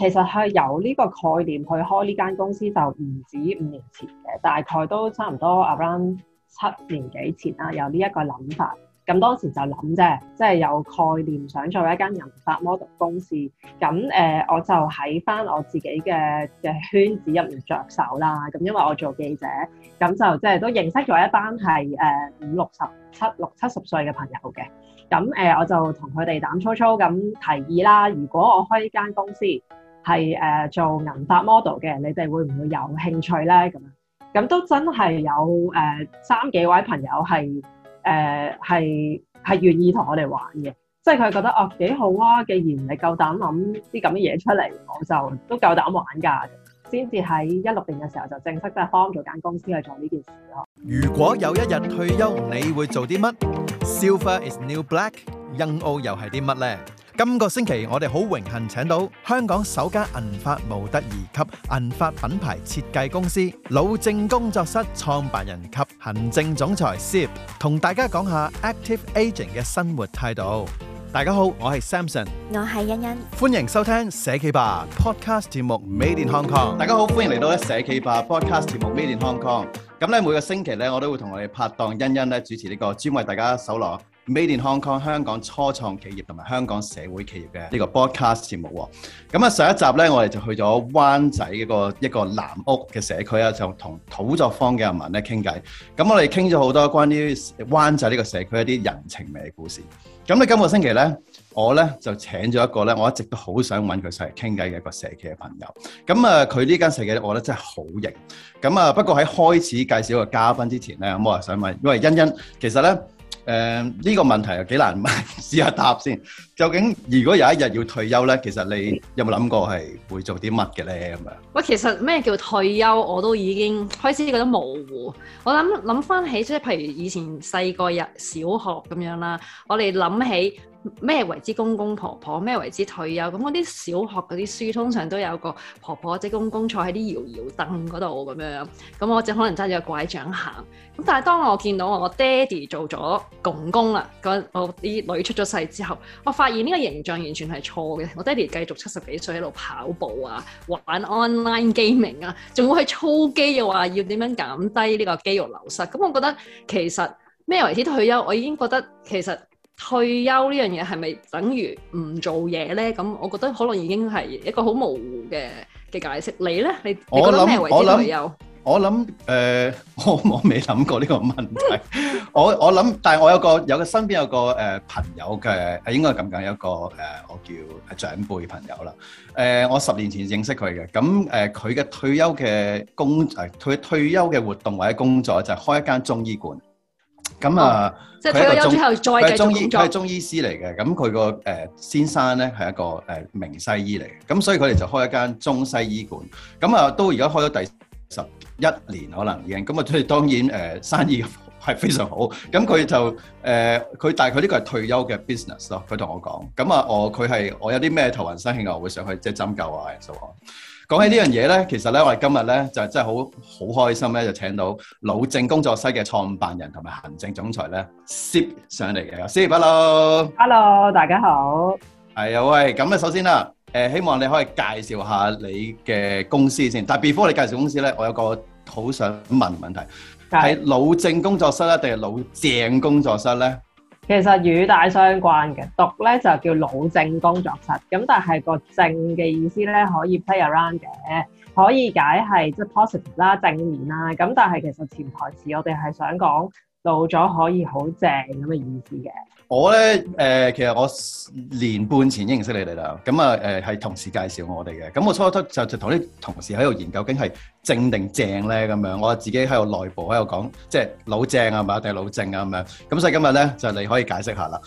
其實係由呢個概念去開呢間公司，就唔止五年前嘅，大概都差唔多 around 七年幾前啦，有呢一個諗法。咁當時就諗啫，即係有概念想做一間人發 model 公司。咁誒、呃，我就喺返我自己嘅嘅圈子入面着手啦。咁因為我做記者，咁就即係都認識咗一班係誒五六十七六七十歲嘅朋友嘅。咁誒、呃，我就同佢哋膽粗粗咁提議啦。如果我開呢間公司，係誒做銀發 model 嘅，你哋會唔會有興趣咧？咁啊，咁都真係有誒三幾位朋友係誒係係願意同我哋玩嘅，即係佢覺得哦幾好啊！既然你夠膽諗啲咁嘅嘢出嚟，我就都夠膽玩㗎，先至喺一六年嘅時候就正式都係 form 咗間公司去做呢件事咯。如果有一日退休，你會做啲乜？Silver is new black，Young O 又係啲乜咧？今個星期我哋好榮幸請到香港首間銀髮模特兒及銀髮品牌設計公司老正工作室創辦人及行政總裁 Steve 同大家講下 Active Aging 嘅生活態度。大家好，我係 Samson，我係欣欣，歡迎收聽社企吧 Podcast 節目 Made in Hong Kong。大家好，歡迎嚟到社企吧 Podcast 節目 Made in Hong Kong。咁咧每個星期咧我都會同我哋拍檔欣欣咧主持呢個專為大家搜羅。《Made in Hong Kong》香港初創企業同埋香港社會企業嘅呢個 broadcast 節目，咁啊上一集咧，我哋就去咗灣仔一個一個南屋嘅社區啊，就同土作坊嘅人民咧傾偈。咁我哋傾咗好多關於灣仔呢個社區一啲人情味嘅故事。咁你今個星期咧，我咧就請咗一個咧，我一直都好想揾佢上嚟傾偈嘅一個社企嘅朋友。咁啊，佢呢間社企咧，我覺得真係好型。咁啊，不過喺開始介紹個嘉賓之前咧，咁我就想問，因為欣欣其實咧。誒呢、嗯，這個問題又幾難問，試下答先。究竟如果有一日要退休咧，其實你有冇諗過係會做啲乜嘅咧？咁樣喂，其實咩叫退休，我都已經開始覺得模糊。我諗諗翻起，即係譬如以前細個日小學咁樣啦，我哋諗起咩為之公公婆婆婆，咩為之退休。咁嗰啲小學嗰啲書通常都有個婆婆即公公坐喺啲搖搖凳嗰度咁樣，咁我就可能揸住個拐杖行。咁但係當我見到我爹哋做咗公公啦，嗰我啲女出咗世之後。我發而呢個形象完全係錯嘅，我爹哋繼續七十幾歲喺度跑步啊，玩 online gaming 啊，仲會去操機又話要點樣減低呢個肌肉流失。咁我覺得其實咩為之退休，我已經覺得其實退休呢樣嘢係咪等於唔做嘢呢？咁我覺得可能已經係一個好模糊嘅嘅解釋。你呢？你你覺得咩為之退休？我諗誒、呃，我我未諗過呢個問題。 我我諗，但係我有個有個身邊有個誒、呃、朋友嘅係應該咁講，有個誒、呃、我叫長輩朋友啦。誒、呃，我十年前認識佢嘅咁誒，佢、嗯、嘅、呃、退休嘅工誒，佢、呃、退休嘅活動或者工作就係開一間中醫館。咁、嗯、啊，即係、哦、退休之後再繼續工作。佢係中醫師嚟嘅，咁佢個誒先生咧係一個誒名、呃、西醫嚟嘅，咁、嗯、所以佢哋就開一間中西醫館。咁、嗯、啊、嗯，都而家開咗第十,十。一年可能已經咁啊！佢當然誒、呃、生意係非常好，咁佢就誒佢、呃、大概呢個係退休嘅 business 咯。佢同我講，咁啊我佢係我有啲咩頭暈身㷫啊，我會上去即係針灸啊，其實講起呢樣嘢咧，其實咧我哋今日咧就真係好好開心咧，就請到老正工作室嘅創辦人同埋行政總裁咧，接上嚟嘅 s 先，hello，hello，大家好，係啊，喂，咁啊，首先啦，誒、呃、希望你可以介紹下你嘅公司先，但係 before 你介紹公司咧，我有個。好想問問題，係老正工作室咧，定係老正工作室咧？其實語帶相關嘅讀咧就叫老正工作室，咁但係個正嘅意思咧可以 play around 嘅，可以解係即係 positive 啦，正面啦。咁但係其實潛台詞我哋係想講老咗可以好正咁嘅意思嘅。我咧誒、呃，其實我年半前認識你哋啦，咁啊誒，係、呃、同事介紹我哋嘅。咁我初初就就同啲同事喺度研究，究竟係正定正咧咁樣。我自己喺度內部喺度講，即係老，老正啊嘛，定老正啊咁樣。咁所以今日咧，就你可以解釋下啦。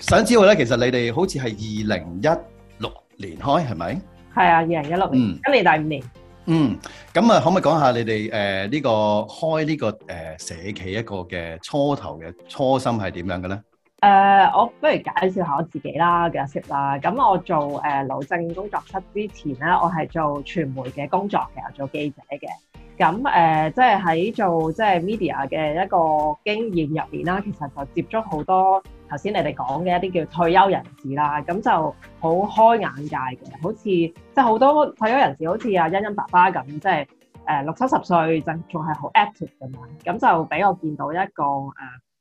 想知道咧，其實你哋好似係二零一六年開，係咪？係啊，二零一六年。嗯、今年第五年。嗯。咁啊，可唔可以講下你哋誒呢個開呢、呢個誒、呃、社企一個嘅初頭嘅初心係點樣嘅咧？誒，uh, 我不如介紹下我自己啦 Joseph 啦。咁我做誒、呃、老政工作室之前咧，我係做傳媒嘅工作，其實做記者嘅。咁誒、呃，即係喺做即係 media 嘅一個經驗入面啦，其實就接觸好多頭先你哋講嘅一啲叫退休人士啦。咁就好開眼界嘅，好似即係好多退休人士，好似阿欣欣爸爸咁，即係誒六七十歲，呃、60, 歲就仲係好 active 噶嘛。咁就俾我見到一個誒。啊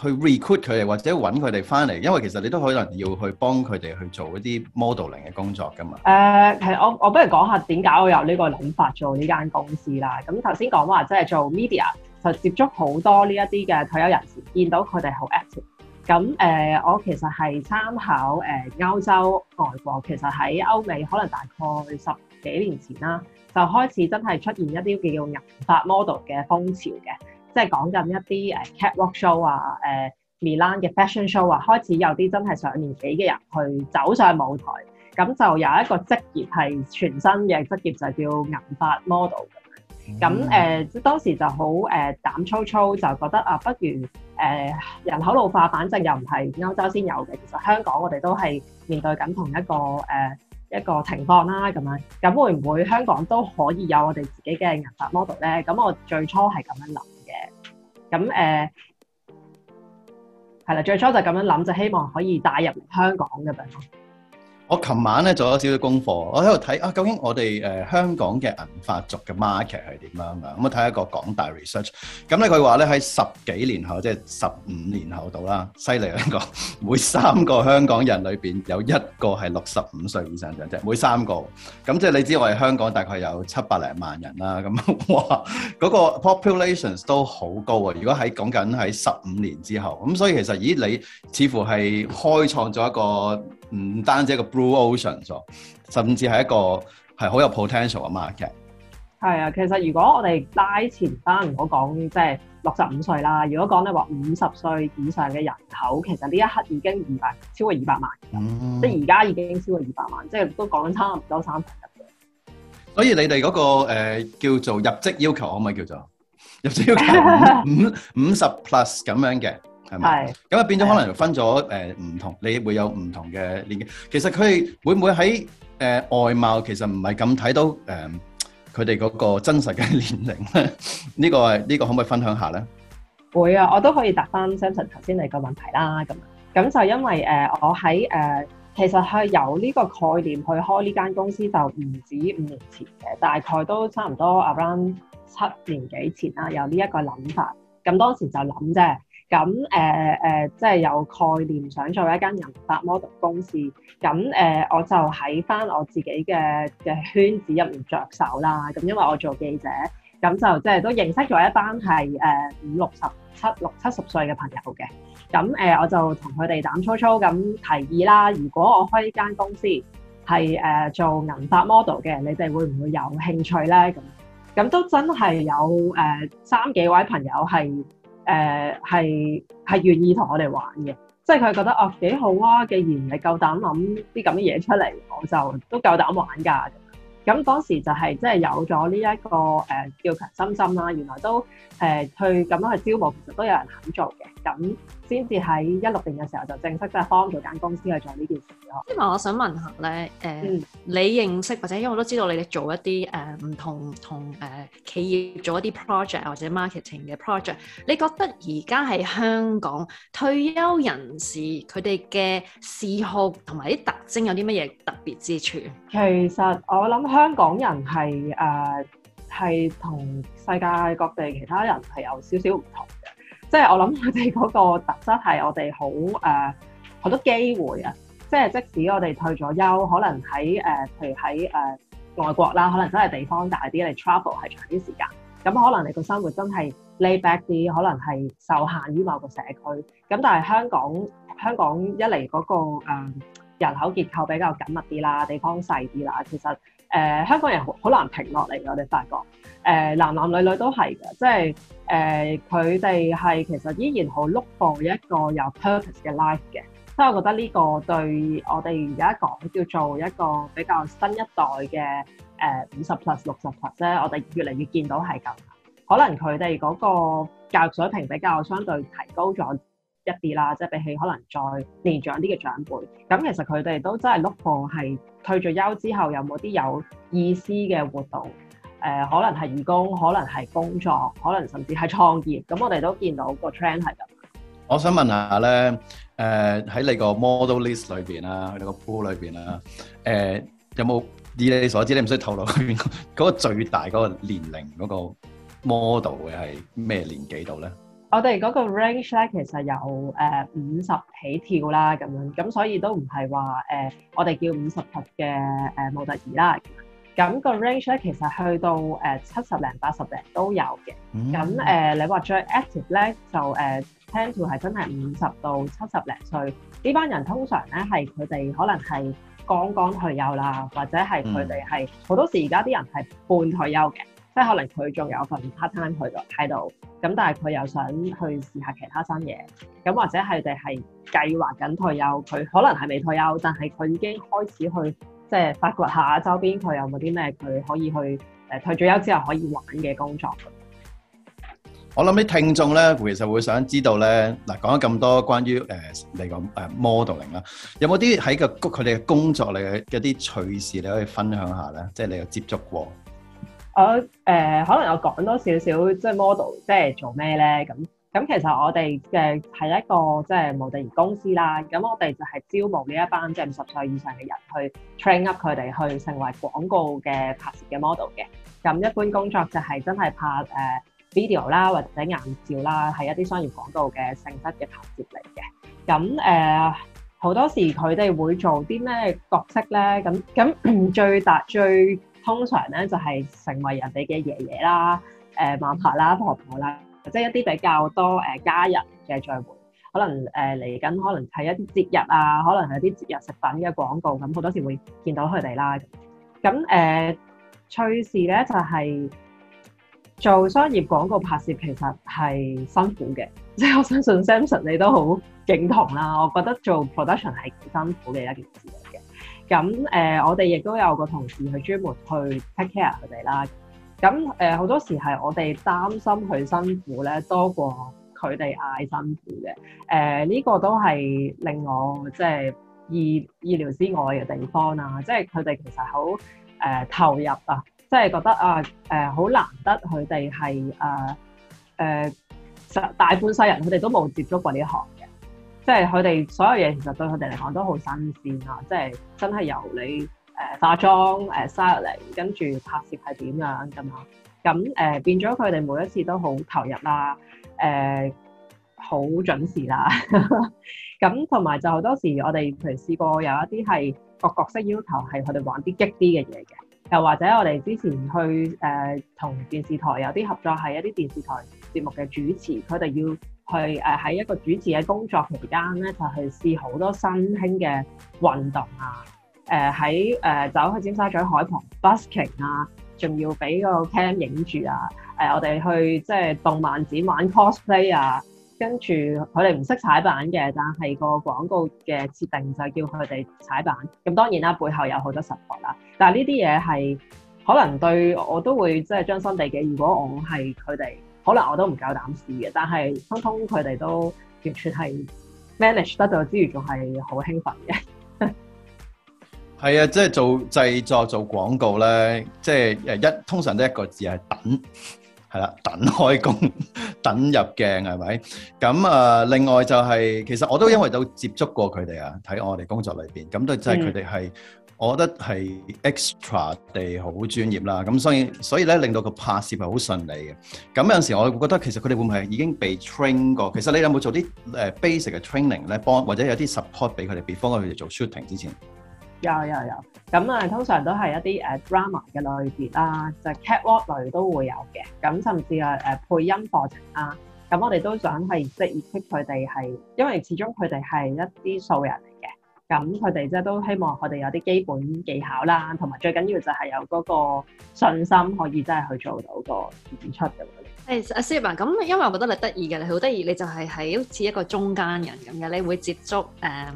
去 recruit 佢哋或者揾佢哋翻嚟，因為其實你都可能要去幫佢哋去做一啲 modeling 嘅工作噶嘛。誒、uh,，其實我我不如講下點解我有呢個諗法做呢間公司啦。咁頭先講話即係做 media 就接觸好多呢一啲嘅退休人士，見到佢哋好 active。咁誒，uh, 我其實係參考誒歐、uh, 洲外國，其實喺歐美可能大概十幾年前啦，就開始真係出現一啲叫做銀髮 model 嘅風潮嘅。即係講緊一啲誒 catwalk show 啊，誒 Milan 嘅 fashion show 啊，開始有啲真係上年紀嘅人去走上舞台，咁就有一個職業係全新嘅職業，就叫銀髮 model。咁誒、mm，hmm. uh, 當時就好誒、uh, 膽粗粗，就覺得啊，uh, 不如誒、uh, 人口老化，反正又唔係歐洲先有嘅。其實香港我哋都係面對緊同一個誒、uh, 一個情況啦。咁樣咁會唔會香港都可以有我哋自己嘅銀髮 model 咧？咁我最初係咁樣諗。咁誒，係啦，呃，最初就咁樣諗，就希望可以帶入香港嘅噉。我琴晚咧做咗少少功課，我喺度睇啊，究竟我哋誒、呃、香港嘅銀髮族嘅 market 係點樣啊？咁啊睇一個港大 research，咁咧佢話咧喺十幾年後，即係十五年後度啦，犀利香港。 每三個香港人裏邊有一個係六十五歲以上長者，即每三個，咁、嗯、即係你知我哋香港大概有七百零萬人啦，咁、嗯、哇，嗰、那個 populations 都好高啊！如果喺講緊喺十五年之後，咁、嗯、所以其實咦你似乎係開創咗一個。唔單止一個 Blue Ocean 咗，甚至係一個係好有 potential 嘅 market。係啊，其實如果我哋拉前生唔好講，即係六十五歲啦。如果講你話五十歲以上嘅人口，其實呢一刻已經二百超過二百萬，嗯、即係而家已經超過二百萬，即係都講差唔多三百人。所以你哋嗰、嗰個、呃、叫做入職要求可唔可以叫做入職要求五五十 plus 咁樣嘅？係，咁啊變咗可能分咗誒唔同，你會有唔同嘅年紀。其實佢哋會唔會喺誒外貌其實唔係咁睇到誒佢哋嗰個真實嘅年齡咧？呢個呢個可唔可以分享下咧？會啊，我都可以答翻 Samson 頭先你個問題啦。咁咁就因為誒我喺誒其實係有呢個概念去開呢間公司，就唔止五年前嘅，大概都差唔多 around 七年幾前啦。有呢一個諗法，咁當時就諗啫。咁誒誒，即係有概念想做一間銀髮 model 公司。咁誒，我就喺返我自己嘅嘅圈子入面着手啦。咁因為我做記者，咁就即係都認識咗一班係誒五六十七六七十歲嘅朋友嘅。咁誒，我就同佢哋膽粗粗咁提議啦。如果我開呢間公司係誒做銀髮 model 嘅，你哋會唔會有興趣咧？咁咁都真係有誒三幾位朋友係。誒係係願意同我哋玩嘅，即係佢覺得哦幾好啊！既然你夠膽諗啲咁嘅嘢出嚟，我就都夠膽玩㗎，啊。咁當時就係、是、即係有咗呢一個誒、呃、叫強心心啦，原來都誒、呃、去咁樣去招募，其實都有人肯做嘅。咁。先至喺一六年嘅時候就正式即係 founding 間公司去做呢件事咯。咁啊，我想問下咧，誒、呃，嗯、你認識或者因為我都知道你哋做一啲誒唔同同誒、呃、企業做一啲 project 或者 marketing 嘅 project，你覺得而家喺香港退休人士佢哋嘅嗜好同埋啲特徵有啲乜嘢特別之處？其實我諗香港人係誒係同世界各地其他人係有少少唔同。即係我諗，佢哋嗰個特質係我哋好誒好多機會啊！即係即使我哋退咗休，可能喺誒，譬、呃、如喺誒、呃呃、外國啦，可能真係地方大啲，你 travel 係長啲時間，咁可能你個生活真係 lay back 啲，可能係受限於某個社區。咁但係香港，香港一嚟嗰、那個、呃、人口結構比較緊密啲啦，地方細啲啦，其實誒、呃、香港人好好難停落嚟，我哋發覺。誒、呃、男男女女都係嘅，即係誒佢哋係其實依然好 look for 一個有 purpose 嘅 life 嘅。所以我覺得呢個對我哋而家講叫做一個比較新一代嘅誒五十 plus 六十 plus 咧，我哋越嚟越見到係咁。可能佢哋嗰個教育水平比較相對提高咗一啲啦，即係比起可能再年長啲嘅長輩。咁其實佢哋都真係 look for 係退咗休之後有冇啲有，有意思嘅活動。誒可能係義工，可能係工作，可能甚至係創業。咁我哋都見到個 trend 係咁。我想問下咧，誒喺你個 model list 裏邊啦，你個 pool 裏邊啦，誒有冇以你所知，你唔需要透露，嗰邊嗰個最大嗰個年齡嗰個 model 嘅係咩年紀度咧？我哋嗰個 range 咧，其實有誒五十起跳啦，咁樣咁，所以都唔係話誒我哋叫五十級嘅誒模特兒啦。咁個 range 咧，其實去到誒七十零八十零都有嘅。咁誒，你話最 active 咧，就誒 ten to 係真係五十到七十零歲呢班人，通常咧係佢哋可能係剛剛退休啦，或者係佢哋係好多時而家啲人係半退休嘅，即係可能佢仲有份 part time 喺度，喺度咁，但係佢又想去試下其他新嘢。咁或者係佢哋係計劃緊退休，佢可能係未退休，但係佢已經開始去。即係發掘下周邊，佢有冇啲咩佢可以去誒退咗休之後可以玩嘅工作。我諗啲聽眾咧，其實會想知道咧，嗱，講咗咁多關於誒、呃、你個誒 modeling 啦，有冇啲喺個佢哋嘅工作裏嘅一啲趣事，你可以分享下咧？即係你有接觸過。我誒、呃，可能我講多少少即係 model，即係做咩咧？咁。咁其實我哋嘅係一個即係模特兒公司啦，咁我哋就係招募呢一班即係五十歲以上嘅人去 train up 佢哋，去成為廣告嘅拍攝嘅 model 嘅。咁一般工作就係真係拍誒、呃、video 啦，或者硬照啦，係一啲商業廣告嘅性質嘅拍攝嚟嘅。咁誒好多時佢哋會做啲咩角色咧？咁咁、呃、最大最通常咧就係、是、成為人哋嘅爺爺啦、誒嫲嫲啦、婆婆啦。婆婆即係一啲比較多誒家人嘅聚會，可能誒嚟緊，呃、可能係一啲節日啊，可能係一啲節日食品嘅廣告，咁好多時會見到佢哋啦。咁誒趣事咧就係、是、做商業廣告拍攝其實係辛苦嘅，即係我相信 Samson 你都好認同啦。我覺得做 production 係幾辛苦嘅一件事嚟嘅。咁誒、呃，我哋亦都有個同事去專門去 take care 佢哋啦。咁誒好多時係我哋擔心佢辛苦咧多過佢哋嗌辛苦嘅，誒、呃、呢、這個都係令我即係意意料之外嘅地方啊。即係佢哋其實好誒、呃、投入啊，即係覺得啊誒好、呃、難得佢哋係誒誒十大半世人，佢哋都冇接觸過呢一行嘅，即係佢哋所有嘢其實對佢哋嚟講都好新鮮啊！即係真係由你。誒、呃、化妝，誒 styling 跟住拍攝係點樣咁啊？咁誒、呃、變咗佢哋每一次都好投入啦，誒、呃、好準時啦。咁同埋就好多時我，我哋譬如試過有一啲係個角色要求係佢哋玩啲激啲嘅嘢嘅，又或者我哋之前去誒同、呃、電視台有啲合作係，係一啲電視台節目嘅主持，佢哋要去誒喺、呃、一個主持嘅工作期間咧，就去試好多新興嘅運動啊～誒喺誒走去尖沙咀海旁 busking 啊，仲要俾個 cam 影住啊！誒、呃，我哋去即係、呃呃、動漫展玩 cosplay 啊，跟住佢哋唔識踩板嘅，但係個廣告嘅設定就叫佢哋踩板。咁當然啦，背後有好多實力啦。但係呢啲嘢係可能對我都會即係將心地嘅。如果我係佢哋，可能我都唔夠膽試嘅。但係通通佢哋都完全係 manage 得到之餘，仲係好興奮嘅。係啊，即係做製作做廣告咧，即係一通常都一個字係等，係啦，等開工，等入鏡，係咪？咁啊、呃，另外就係、是、其實我都因為都接觸過佢哋啊，喺我哋工作裏邊，咁都即係佢哋係，嗯、我覺得係 extra 地好專業啦。咁所以所以咧令到個拍攝係好順利嘅。咁有陣時我會覺得其實佢哋會唔會係已經被 train 過？其實你有冇做啲誒 basic 嘅 training 咧，幫或者有啲 support 俾佢哋幫佢哋做 shooting 之前？有有有，咁啊、yeah, yeah, yeah. 通常都係一啲誒、uh, drama 嘅類別啊，就係、是、catwalk 類都會有嘅，咁甚至啊誒、uh, 配音課程啊，咁我哋都想係即係協助佢哋係，them, 因為始終佢哋係一啲素人嚟嘅，咁佢哋即係都希望佢哋有啲基本技巧啦，同埋最緊要就係有嗰個信心可以真係去做到個演出咁。誒阿 Sir 啊，咁、啊、因為我覺得你得意嘅，你好得意，你就係喺好似一個中間人咁嘅，你會接觸誒。Uh,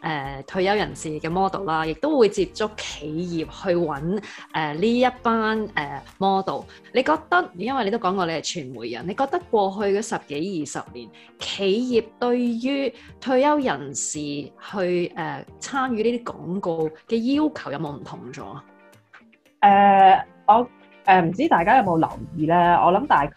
誒、uh, 退休人士嘅 model 啦，亦都會接觸企業去揾誒呢一班誒 model、呃。你覺得因為你都講過你係傳媒人，你覺得過去嘅十幾二十年，企業對於退休人士去誒參與呢啲廣告嘅要求有冇唔同咗啊？誒，uh, 我。誒唔知大家有冇留意咧？我諗大概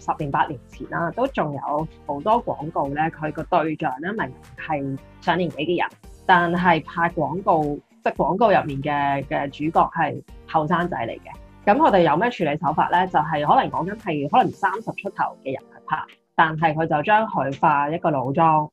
十年八年前啦，都仲有好多廣告咧，佢個對象咧，明明係上年紀嘅人，但係拍廣告即係廣告入面嘅嘅主角係後生仔嚟嘅。咁我哋有咩處理手法咧？就係、是、可能講緊係可能三十出頭嘅人去拍，但係佢就將佢化一個老妝。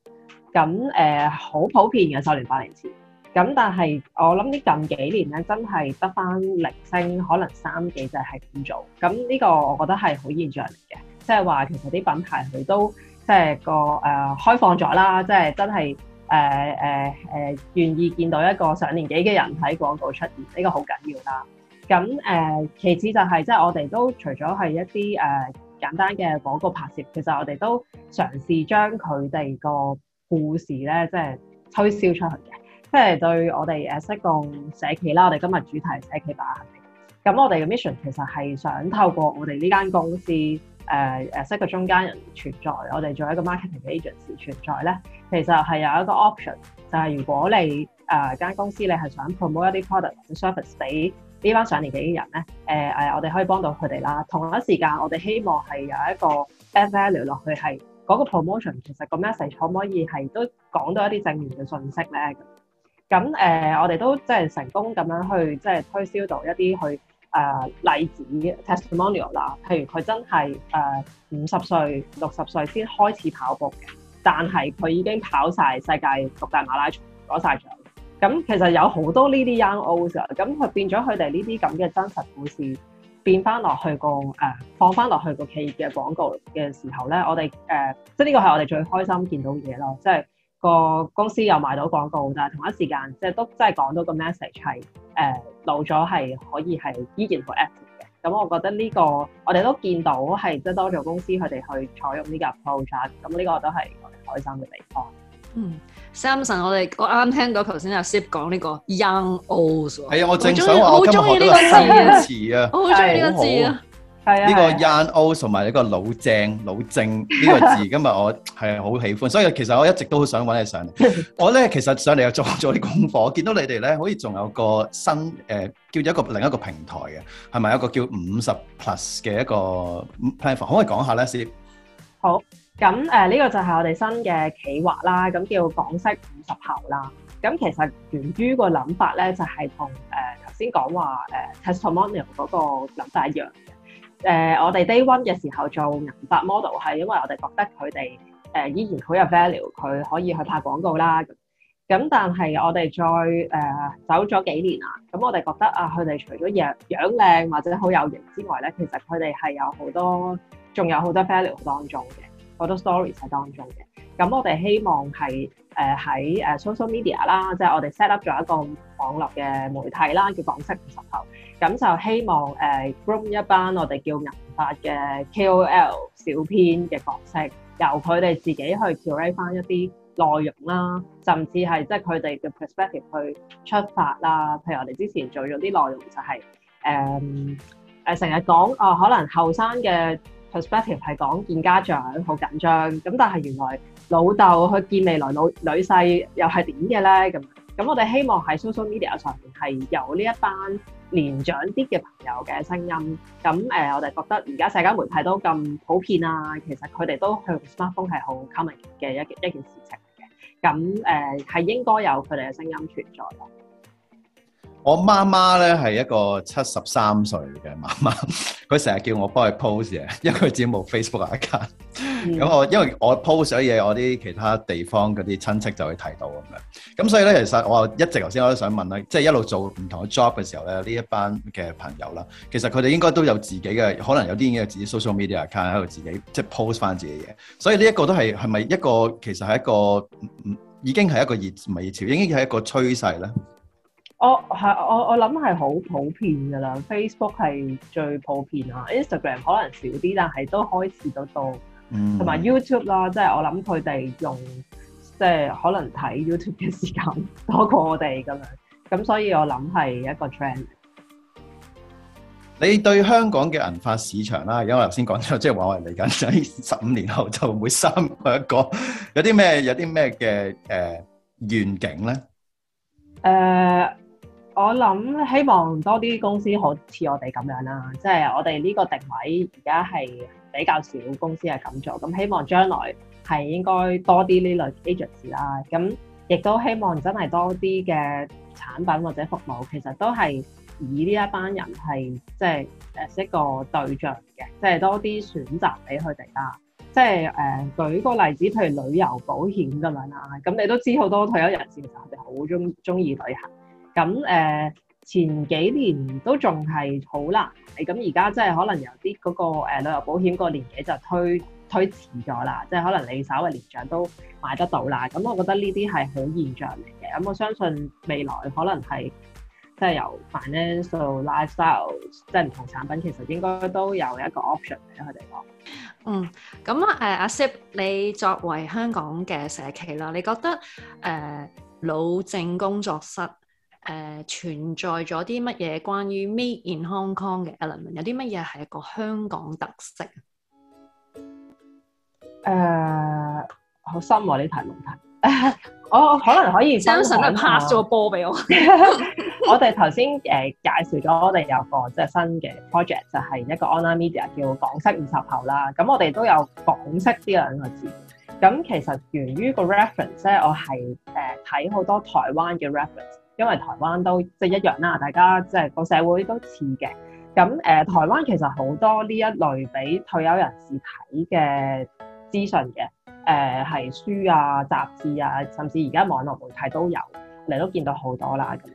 咁誒，好、呃、普遍嘅十年八年前。咁但係我諗呢近幾年咧，真係得翻零星，可能三幾隻係咁做。咁呢個我覺得係好現象嚟嘅、就是，即係話其實啲品牌佢都即係個誒開放咗啦，即係真係誒誒誒願意見到一個上年紀嘅人喺廣告出現，呢個好緊要啦。咁誒、呃、其次就係、是、即係我哋都除咗係一啲誒、呃、簡單嘅廣告拍攝，其實我哋都嘗試將佢哋個故事咧，即係推銷出去嘅。即係對我哋誒適共社企啦，我哋今日主題係社企大行。咁我哋嘅 mission 其實係想透過我哋呢間公司誒誒適個中間人存在，我哋做一個 marketing agency 存在咧，其實係有一個 option，就係、是、如果你誒間、呃、公司你係想 promote 一啲 product 或者 service 俾呢班上年紀嘅人咧，誒、呃、誒我哋可以幫到佢哋啦。同一時間，我哋希望係有一個 added value 落去，係嗰個 promotion 其實個 message 可唔可以係都講到一啲正面嘅信息咧？咁誒、呃，我哋都即係成功咁樣去即係、就是、推銷到一啲去誒例子 testimonial 啦。呃、testimon ial，譬如佢真係誒五十歲、六十歲先開始跑步嘅，但係佢已經跑晒世界六大馬拉松，攞晒獎。咁其實有好多呢啲 young old 嘅，咁佢變咗佢哋呢啲咁嘅真實故事，變翻落去個誒、呃、放翻落去個企業嘅廣告嘅時候咧，我哋誒、呃、即係呢個係我哋最開心見到嘢咯，即係。個公司有賣到廣告，但係同一時間即係都真係講到個 message 係誒老咗係可以係依然 active 嘅。咁我覺得呢個，我哋都見到係即係多咗公司佢哋去採用呢個 approach，咁呢個都係我哋開心嘅地方。嗯，Samson，我哋我啱啱聽到頭先阿 Sip 講呢個 Young Olds，係啊，我正想話，我好中意呢個字啊，我好中意呢個字啊。 係啊！呢個 Yan O 同埋呢個老正老正呢、這個字，今日我係好喜歡，所以其實我一直都好想揾你上嚟。我咧其實上嚟又做咗啲功課，見到你哋咧好似仲有個新誒、呃、叫一個另一個平台嘅，係咪一個叫五十 Plus 嘅一個 platform？可唔可以講下咧先？好，咁誒、呢、呃、這個就係我哋新嘅企劃啦，咁叫港式五十後啦。咁其實源於個諗法咧，就係、是、同誒頭、呃、先講話誒、呃、testimonial 嗰個諗法一樣誒、呃，我哋 day one 嘅時候做銀髮 model 係因為我哋覺得佢哋誒依然好有 value，佢可以去拍廣告啦。咁但係我哋再誒、呃、走咗幾年啦，咁我哋覺得啊，佢哋除咗樣樣靚或者好有型之外咧，其實佢哋係有好多，仲有好多 value 當中嘅，好多 stories 喺當中嘅。咁我哋希望係誒喺誒 social media 啦，即係我哋 set up 咗一個網絡嘅媒體啦，叫港式五十後。咁就希望誒 group 一班我哋叫銀髮嘅 KOL 小編嘅角色，由佢哋自己去 curate 翻一啲內容啦，甚至係即係佢哋嘅 perspective 去出發啦。譬如我哋之前做咗啲內容就係誒誒成日講哦，可能後生嘅 perspective 係講見家長好緊張，咁但係原來老豆去見未來老女婿又係點嘅咧？咁咁我哋希望喺 social media 上面係由呢一班年長啲嘅朋友嘅聲音，咁誒、呃，我哋覺得而家社交媒體都咁普遍啊，其實佢哋都向 smartphone 係好 common 嘅一一件事情嚟嘅，咁誒係應該有佢哋嘅聲音存在嘅。我媽媽咧係一個七十三歲嘅媽媽，佢成日叫我幫佢 post 嘢，因為佢自己冇 Facebook account。咁我、嗯嗯、因為我 post 咗嘢，我啲其他地方嗰啲親戚就會睇到咁樣。咁所以咧，其實我一直頭先我都想問咧，即、就、係、是、一路做唔同嘅 job 嘅時候咧，呢一班嘅朋友啦，其實佢哋應該都有自己嘅，可能有啲已經有自己 social media account 喺度自己即係、就是、post 返自己嘢。所以呢一個都係係咪一個其實係一個唔唔已經係一個熱，唔係熱潮，已經係一個趨勢咧？我係我我諗係好普遍噶啦，Facebook 係最普遍啊，Instagram 可能少啲，但係都開始得到，同埋、嗯、YouTube 啦，即係我諗佢哋用即係可能睇 YouTube 嘅時間多過我哋咁樣，咁所以我諗係一個 trend。你對香港嘅銀發市場啦，而家我頭先講咗，即係話我嚟緊十五年後就每三個一個，有啲咩有啲咩嘅誒願景咧？誒。Uh, 我諗希望多啲公司好似我哋咁樣啦，即係我哋呢個定位而家係比較少公司係咁做，咁希望將來係應該多啲呢類 agents 啦，咁亦都希望真係多啲嘅產品或者服務，其實都係以呢一班人係即係誒一個對象嘅，即係多啲選擇俾佢哋啦。即係誒、呃、舉個例子，譬如旅遊保險咁樣啦，咁你都知好多退休人士其實好中中意旅行。咁誒、呃、前幾年都仲係好難，咁而家即係可能有啲嗰個、呃、旅遊保險個年紀就推推遲咗啦，即係可能你稍為年長都買得到啦。咁我覺得呢啲係好現象嚟嘅。咁我相信未來可能係即係由 financial lifestyle 即係唔同產品，其實應該都有一個 option 俾佢哋講。嗯，咁誒、呃、阿 Sir，你作為香港嘅社企啦，你覺得誒、呃、老正工作室？誒，存在咗啲乜嘢關於 Make in Hong Kong 嘅 element？有啲乜嘢係一個香港特色啊？好深喎呢題問題。 我可能可以。 Samson 都 pass 咗個波俾我。我哋頭先誒，介紹咗我哋有個即係新嘅 project，就係、是、一個 online media 叫港式二十後啦。咁我哋都有港式呢兩個字。咁其實源於個 reference 咧，我係誒，睇好多台灣嘅 reference。因為台灣都即係一樣啦，大家即係個社會都似嘅。咁誒、呃，台灣其實好多呢一類俾退休人士睇嘅資訊嘅，誒、呃、係書啊、雜誌啊，甚至而家網絡媒體都有，你都見到好多啦。咁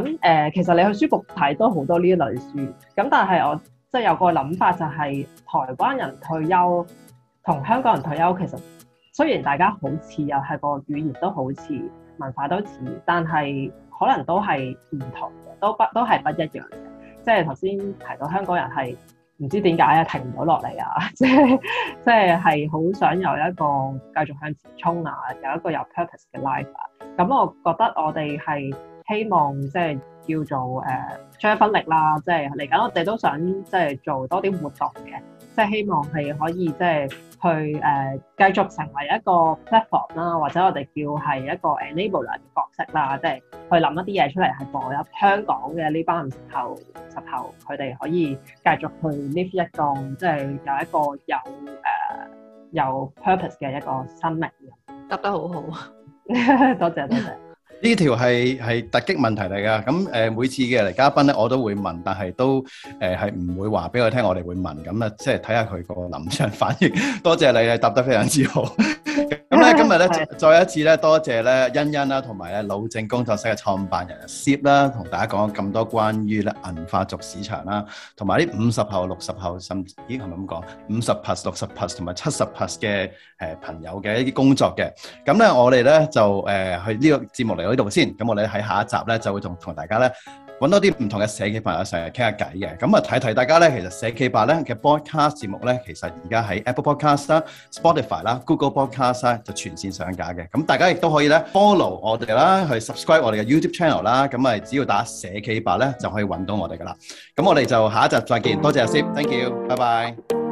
咁誒，其實你去書局睇都好多呢一類書。咁但係我即係有個諗法，就係，就係台灣人退休同香港人退休其實雖然大家好似又係個語言都好似文化都似，但係，可能都係唔同嘅，都不都係不一樣嘅。即係頭先提到香港人係唔知點解啊，停唔到落嚟啊， 即係即係係好想有一個繼續向前衝啊，有一個有 purpose 嘅 life。咁我覺得我哋係希望即係叫做誒、呃、出一分力啦。即係嚟緊我哋都想即係做多啲活動嘅。即係希望係可以即係去誒、呃、繼續成為一個 platform 啦，或者我哋叫係一個 enabler 嘅角色啦，即係去諗一啲嘢出嚟係幫入香港嘅呢班人後後佢哋可以繼續去 live 一個即係有一個有誒、呃、有 purpose 嘅一個生命。答得好好， 多謝多謝。 呢條係係突擊問題嚟㗎，咁誒、呃、每次嘅嚟嘉賓咧，我都會問，但係都誒係唔會話俾我聽，我哋會問咁啦，即係睇下佢個臨場反應。 多謝你啊，答得非常之好。 今日咧，的再一次咧，多謝咧，欣欣啦、啊，同埋咧，老正工作室嘅創辦人 Sip 啦，同大家講咁多關於咧銀髮族市場啦，同埋啲五十後、六十後，甚至已經係咁講五十 plus、六十 plus 同埋七十 plus 嘅誒朋友嘅一啲工作嘅。咁咧，我哋咧就誒、呃、去呢個節目嚟到呢度先。咁我哋喺下一集咧就會同同大家咧。揾多啲唔同嘅社企朋友成日傾下偈嘅，咁啊提提大家咧，其實社企白咧嘅 podcast 節目咧，其實而家喺 Apple Podcast 啦、Spotify 啦、Google Podcast 啦就全線上架嘅。咁大家亦都可以咧 follow 我哋啦，去 subscribe 我哋嘅 YouTube channel 啦。咁啊只要打社企白咧，就可以揾到我哋噶啦。咁我哋就下一集再見。多謝阿 Sir，thank you，拜拜。